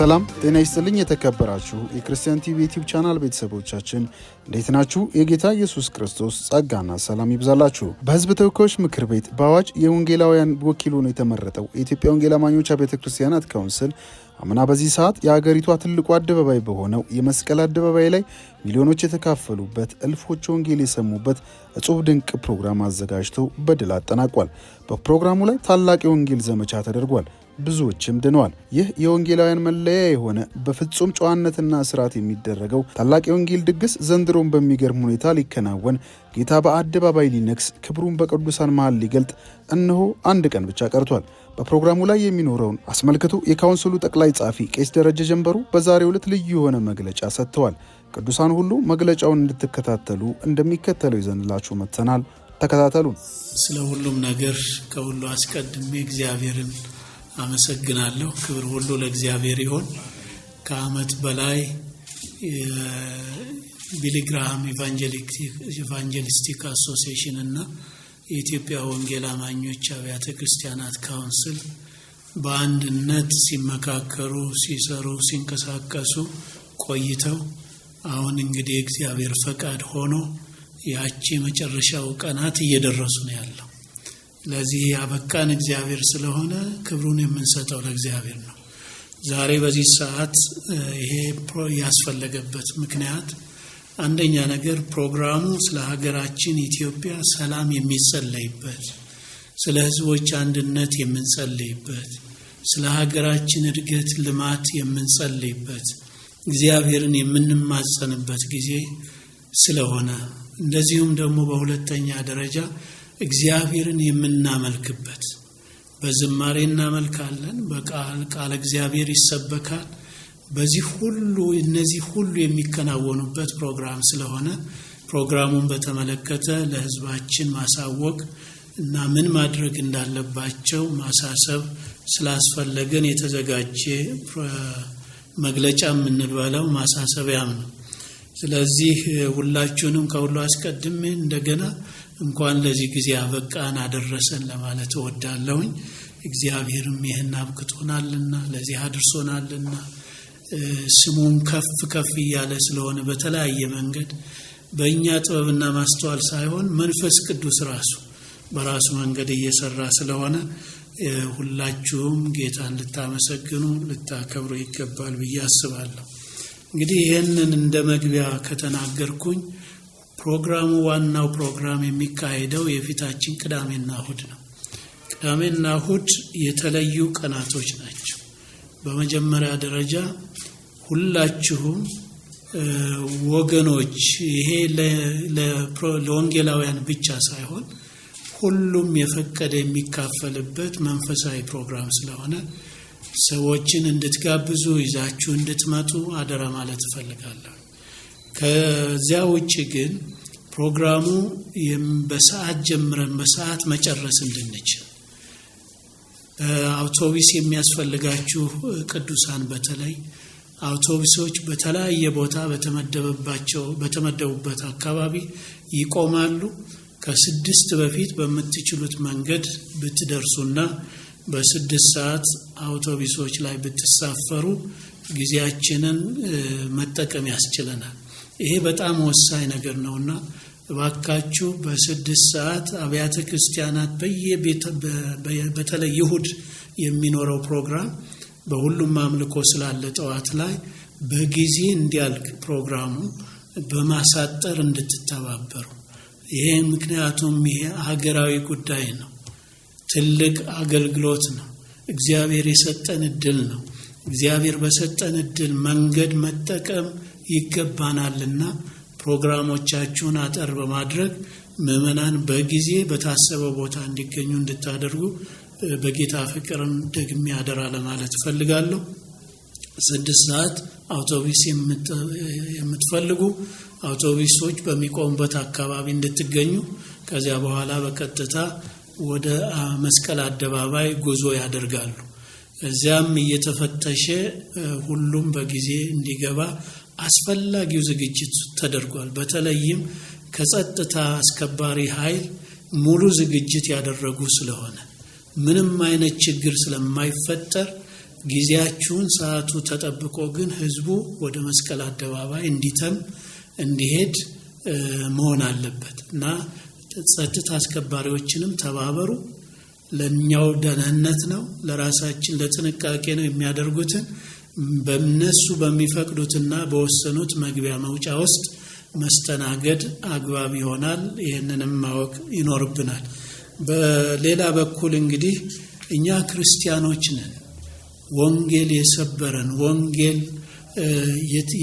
ሰላም ጤና ይስጥልኝ። የተከበራችሁ የክርስቲያን ቲቪ ዩቲዩብ ቻናል ቤተሰቦቻችን እንዴት ናችሁ? የጌታ ኢየሱስ ክርስቶስ ጸጋና ሰላም ይብዛላችሁ። በሕዝብ ተወካዮች ምክር ቤት በአዋጅ የወንጌላውያን ወኪል ሆኖ የተመረጠው የኢትዮጵያ ወንጌል አማኞች ቤተ ክርስቲያናት ካውንስል አምና በዚህ ሰዓት የአገሪቷ ትልቁ አደባባይ በሆነው የመስቀል አደባባይ ላይ ሚሊዮኖች የተካፈሉበት እልፎች ወንጌል የሰሙበት እጹብ ድንቅ ፕሮግራም አዘጋጅተው በድል አጠናቋል። በፕሮግራሙ ላይ ታላቅ የወንጌል ዘመቻ ተደርጓል። ብዙዎችም ድነዋል። ይህ የወንጌላውያን መለያ የሆነ በፍጹም ጨዋነትና ስርዓት የሚደረገው ታላቅ የወንጌል ድግስ ዘንድሮን በሚገርም ሁኔታ ሊከናወን ጌታ በአደባባይ ሊነግስ ክብሩን በቅዱሳን መሃል ሊገልጥ እነሆ አንድ ቀን ብቻ ቀርቷል። በፕሮግራሙ ላይ የሚኖረውን አስመልክቶ የካውንስሉ ጠቅላይ ጸሐፊ ቄስ ደረጀ ጀንበሩ በዛሬው ዕለት ልዩ የሆነ መግለጫ ሰጥተዋል። ቅዱሳን ሁሉ መግለጫውን እንድትከታተሉ እንደሚከተለው ይዘንላችሁ መጥተናል። ተከታተሉን። ስለ ሁሉም ነገር ከሁሉ አስቀድሜ እግዚአብሔርን አመሰግናለሁ። ክብር ሁሉ ለእግዚአብሔር ይሆን። ከአመት በላይ ቢሊግራሃም ኢቫንጀሊስቲክ አሶሲሽን እና የኢትዮጵያ ወንጌል አማኞች አብያተ ክርስቲያናት ካውንስል በአንድነት ሲመካከሩ፣ ሲሰሩ፣ ሲንቀሳቀሱ ቆይተው አሁን እንግዲህ እግዚአብሔር ፈቃድ ሆኖ ያቺ የመጨረሻው ቀናት እየደረሱ ነው ያለው። ለዚህ ያበቃን እግዚአብሔር ስለሆነ ክብሩን የምንሰጠው ለእግዚአብሔር ነው። ዛሬ በዚህ ሰዓት ይሄ ያስፈለገበት ምክንያት አንደኛ ነገር ፕሮግራሙ ስለ ሀገራችን ኢትዮጵያ ሰላም የሚጸለይበት፣ ስለ ህዝቦች አንድነት የምንጸለይበት፣ ስለ ሀገራችን እድገት ልማት የምንጸልይበት እግዚአብሔርን የምንማጸንበት ጊዜ ስለሆነ እንደዚሁም ደግሞ በሁለተኛ ደረጃ እግዚአብሔርን የምናመልክበት በዝማሬ እናመልካለን፣ በቃል ቃል እግዚአብሔር ይሰበካል። በዚህ ሁሉ እነዚህ ሁሉ የሚከናወኑበት ፕሮግራም ስለሆነ ፕሮግራሙን በተመለከተ ለህዝባችን ማሳወቅ እና ምን ማድረግ እንዳለባቸው ማሳሰብ ስላስፈለገን የተዘጋጀ መግለጫ የምንባለው ማሳሰቢያም ነው። ስለዚህ ሁላችሁንም ከሁሉ አስቀድሜ እንደገና እንኳን ለዚህ ጊዜ አበቃን አደረሰን ለማለት እወዳለውኝ እግዚአብሔርም ይህን አብክቶናልና ለዚህ አድርሶናልና ስሙም ከፍ ከፍ እያለ ስለሆነ በተለያየ መንገድ በእኛ ጥበብና ማስተዋል ሳይሆን መንፈስ ቅዱስ ራሱ በራሱ መንገድ እየሰራ ስለሆነ ሁላችሁም ጌታን ልታመሰግኑ ልታከብሩ ይገባል ብዬ አስባለሁ። እንግዲህ ይህንን እንደ መግቢያ ከተናገርኩኝ ፕሮግራሙ ዋናው ፕሮግራም የሚካሄደው የፊታችን ቅዳሜና እሁድ ነው። ቅዳሜና እሁድ የተለዩ ቀናቶች ናቸው። በመጀመሪያ ደረጃ ሁላችሁም ወገኖች ይሄ ለወንጌላውያን ብቻ ሳይሆን ሁሉም የፈቀደ የሚካፈልበት መንፈሳዊ ፕሮግራም ስለሆነ ሰዎችን እንድትጋብዙ ይዛችሁ እንድትመጡ አደራ ማለት እፈልጋለሁ። ከዚያ ውጭ ግን ፕሮግራሙ በሰዓት ጀምረን በሰዓት መጨረስ እንድንችል አውቶቢስ የሚያስፈልጋችሁ ቅዱሳን በተለይ አውቶቡሶች በተለያየ ቦታ በተመደበባቸው በተመደቡበት አካባቢ ይቆማሉ። ከስድስት በፊት በምትችሉት መንገድ ብትደርሱና በስድስት ሰዓት አውቶቡሶች ላይ ብትሳፈሩ ጊዜያችንን መጠቀም ያስችለናል። ይሄ በጣም ወሳኝ ነገር ነውና እባካችሁ በስድስት ሰዓት አብያተ ክርስቲያናት በተለይ ይሁድ የሚኖረው ፕሮግራም በሁሉም አምልኮ ስላለ ጠዋት ላይ በጊዜ እንዲያልቅ ፕሮግራሙ በማሳጠር እንድትተባበሩ። ይሄ ምክንያቱም ይሄ ሀገራዊ ጉዳይ ነው። ትልቅ አገልግሎት ነው። እግዚአብሔር የሰጠን እድል ነው። እግዚአብሔር በሰጠን እድል መንገድ መጠቀም ይገባናልና ፕሮግራሞቻችሁን አጠር በማድረግ ምእመናን በጊዜ በታሰበ ቦታ እንዲገኙ እንድታደርጉ በጌታ ፍቅርም ደግሜ አደራ ለማለት እፈልጋለሁ። ስድስት ሰዓት አውቶቡስ የምትፈልጉ አውቶቡሶች በሚቆሙበት አካባቢ እንድትገኙ፣ ከዚያ በኋላ በቀጥታ ወደ መስቀል አደባባይ ጉዞ ያደርጋሉ። እዚያም እየተፈተሸ ሁሉም በጊዜ እንዲገባ አስፈላጊው ዝግጅት ተደርጓል። በተለይም ከጸጥታ አስከባሪ ኃይል ሙሉ ዝግጅት ያደረጉ ስለሆነ ምንም አይነት ችግር ስለማይፈጠር ጊዜያችሁን ሰዓቱ ተጠብቆ ግን ህዝቡ ወደ መስቀል አደባባይ እንዲተም እንዲሄድ መሆን አለበት እና ጸጥታ አስከባሪዎችንም ተባበሩ። ለእኛው ደህንነት ነው፣ ለራሳችን ለጥንቃቄ ነው የሚያደርጉትን በነሱ በሚፈቅዱትና በወሰኑት መግቢያ መውጫ ውስጥ መስተናገድ አግባብ ይሆናል። ይህንንም ማወቅ ይኖርብናል። በሌላ በኩል እንግዲህ እኛ ክርስቲያኖች ነን። ወንጌል የሰበረን ወንጌል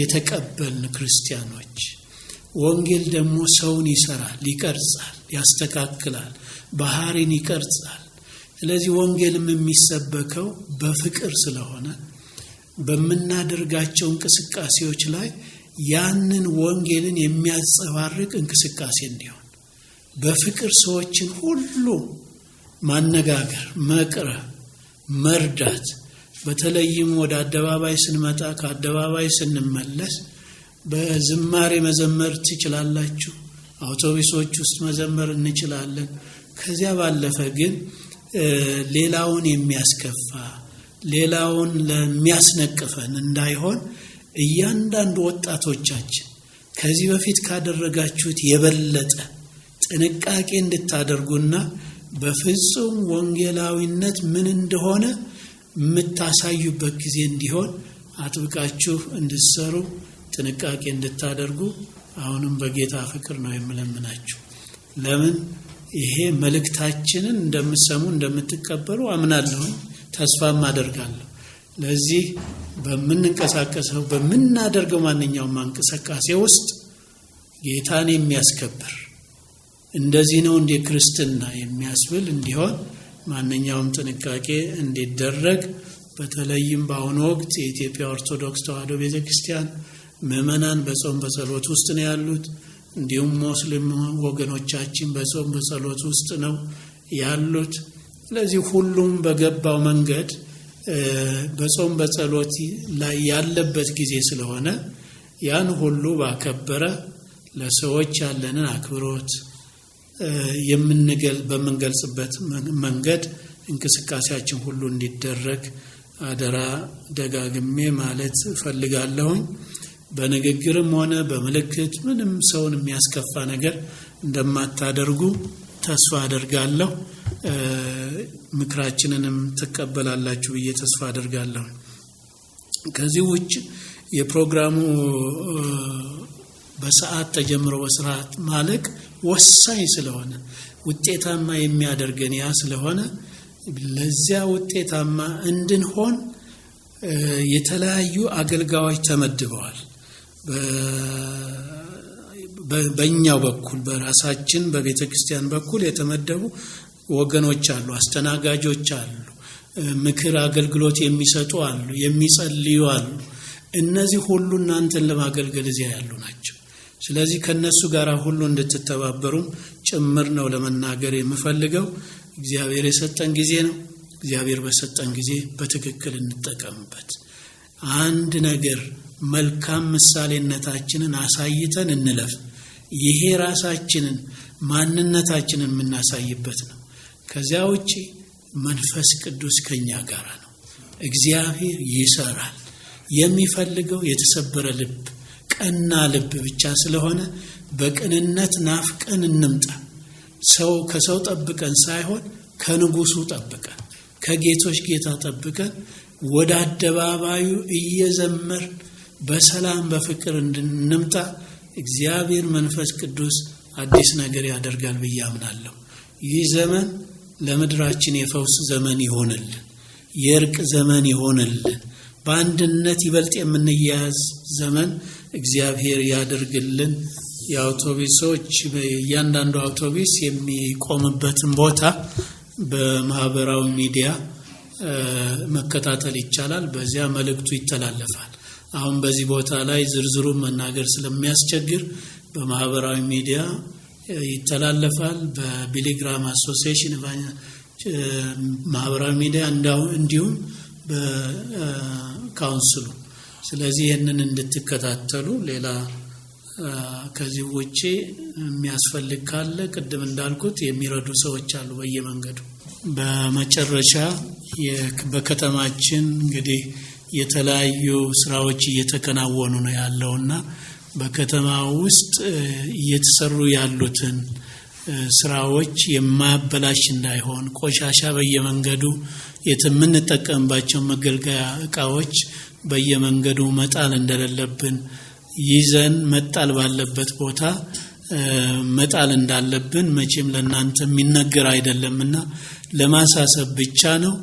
የተቀበልን ክርስቲያኖች ወንጌል ደግሞ ሰውን ይሰራል፣ ይቀርጻል፣ ያስተካክላል፣ ባህሪን ይቀርጻል። ስለዚህ ወንጌልም የሚሰበከው በፍቅር ስለሆነ በምናደርጋቸው እንቅስቃሴዎች ላይ ያንን ወንጌልን የሚያንጸባርቅ እንቅስቃሴ እንዲሆን በፍቅር ሰዎችን ሁሉ ማነጋገር፣ መቅረብ፣ መርዳት በተለይም ወደ አደባባይ ስንመጣ ከአደባባይ ስንመለስ በዝማሬ መዘመር ትችላላችሁ። አውቶቡሶች ውስጥ መዘመር እንችላለን። ከዚያ ባለፈ ግን ሌላውን የሚያስከፋ ሌላውን ለሚያስነቅፈን እንዳይሆን እያንዳንዱ ወጣቶቻችን ከዚህ በፊት ካደረጋችሁት የበለጠ ጥንቃቄ እንድታደርጉና በፍጹም ወንጌላዊነት ምን እንደሆነ የምታሳዩበት ጊዜ እንዲሆን አጥብቃችሁ እንድትሰሩ ጥንቃቄ እንድታደርጉ አሁንም በጌታ ፍቅር ነው የምለምናችሁ። ለምን ይሄ መልእክታችንን እንደምትሰሙ እንደምትቀበሉ አምናለሁኝ። ተስፋም አደርጋለሁ። ለዚህ በምንንቀሳቀሰው በምናደርገው ማንኛውም እንቅስቃሴ ውስጥ ጌታን የሚያስከብር እንደዚህ ነው እንደ ክርስትና የሚያስብል እንዲሆን ማንኛውም ጥንቃቄ እንዲደረግ በተለይም በአሁኑ ወቅት የኢትዮጵያ ኦርቶዶክስ ተዋህዶ ቤተ ክርስቲያን ምዕመናን በጾም በጸሎት ውስጥ ነው ያሉት። እንዲሁም ሙስሊም ወገኖቻችን በጾም በጸሎት ውስጥ ነው ያሉት። ስለዚህ ሁሉም በገባው መንገድ በጾም በጸሎት ላይ ያለበት ጊዜ ስለሆነ ያን ሁሉ ባከበረ ለሰዎች ያለንን አክብሮት በምንገልጽበት መንገድ እንቅስቃሴያችን ሁሉ እንዲደረግ አደራ ደጋግሜ ማለት እፈልጋለሁኝ። በንግግርም ሆነ በምልክት ምንም ሰውን የሚያስከፋ ነገር እንደማታደርጉ ተስፋ አደርጋለሁ። ምክራችንንም ትቀበላላችሁ ብዬ ተስፋ አድርጋለሁ። ከዚህ ውጭ የፕሮግራሙ በሰዓት ተጀምሮ በስርዓት ማለቅ ወሳኝ ስለሆነ ውጤታማ የሚያደርገን ያ ስለሆነ ለዚያ ውጤታማ እንድንሆን የተለያዩ አገልጋዮች ተመድበዋል። በእኛው በኩል በራሳችን በቤተ ክርስቲያን በኩል የተመደቡ ወገኖች አሉ፣ አስተናጋጆች አሉ፣ ምክር አገልግሎት የሚሰጡ አሉ፣ የሚጸልዩ አሉ። እነዚህ ሁሉ እናንተን ለማገልገል እዚያ ያሉ ናቸው። ስለዚህ ከነሱ ጋር ሁሉ እንድትተባበሩም ጭምር ነው ለመናገር የምፈልገው። እግዚአብሔር የሰጠን ጊዜ ነው። እግዚአብሔር በሰጠን ጊዜ በትክክል እንጠቀምበት። አንድ ነገር መልካም ምሳሌነታችንን አሳይተን እንለፍ። ይሄ ራሳችንን ማንነታችንን የምናሳይበት ነው። ከዚያ ውጭ መንፈስ ቅዱስ ከኛ ጋር ነው። እግዚአብሔር ይሰራል። የሚፈልገው የተሰበረ ልብ፣ ቀና ልብ ብቻ ስለሆነ በቅንነት ናፍቀን እንምጣ። ሰው ከሰው ጠብቀን ሳይሆን ከንጉሱ ጠብቀን ከጌቶች ጌታ ጠብቀን ወደ አደባባዩ እየዘመር በሰላም በፍቅር እንድንምጣ እግዚአብሔር መንፈስ ቅዱስ አዲስ ነገር ያደርጋል ብዬ አምናለሁ። ይህ ዘመን ለምድራችን የፈውስ ዘመን ይሆንልን፣ የእርቅ ዘመን ይሆንልን፣ በአንድነት ይበልጥ የምንያያዝ ዘመን እግዚአብሔር ያድርግልን። የአውቶቢሶች እያንዳንዱ አውቶቢስ የሚቆምበትን ቦታ በማህበራዊ ሚዲያ መከታተል ይቻላል። በዚያ መልእክቱ ይተላለፋል። አሁን በዚህ ቦታ ላይ ዝርዝሩ መናገር ስለሚያስቸግር በማህበራዊ ሚዲያ ይተላለፋል። በቢሊግራም አሶሲሽን ማህበራዊ ሚዲያ እንዲሁም በካውንስሉ። ስለዚህ ይህንን እንድትከታተሉ ሌላ ከዚህ ውጭ የሚያስፈልግ ካለ ቅድም እንዳልኩት የሚረዱ ሰዎች አሉ በየመንገዱ። በመጨረሻ በከተማችን እንግዲህ የተለያዩ ስራዎች እየተከናወኑ ነው ያለውና በከተማ ውስጥ እየተሰሩ ያሉትን ስራዎች የማያበላሽ እንዳይሆን ቆሻሻ በየመንገዱ የምንጠቀምባቸው መገልገያ እቃዎች በየመንገዱ መጣል እንደሌለብን ይዘን መጣል ባለበት ቦታ መጣል እንዳለብን መቼም ለእናንተ የሚነገር አይደለምና ለማሳሰብ ብቻ ነው።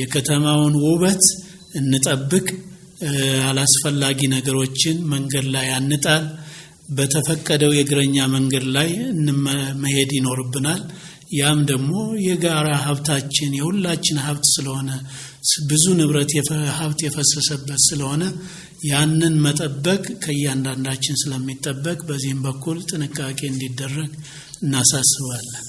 የከተማውን ውበት እንጠብቅ። አላስፈላጊ ነገሮችን መንገድ ላይ አንጣል። በተፈቀደው የእግረኛ መንገድ ላይ መሄድ ይኖርብናል። ያም ደግሞ የጋራ ሀብታችን የሁላችን ሀብት ስለሆነ ብዙ ንብረት ሀብት የፈሰሰበት ስለሆነ ያንን መጠበቅ ከእያንዳንዳችን ስለሚጠበቅ በዚህም በኩል ጥንቃቄ እንዲደረግ እናሳስባለን።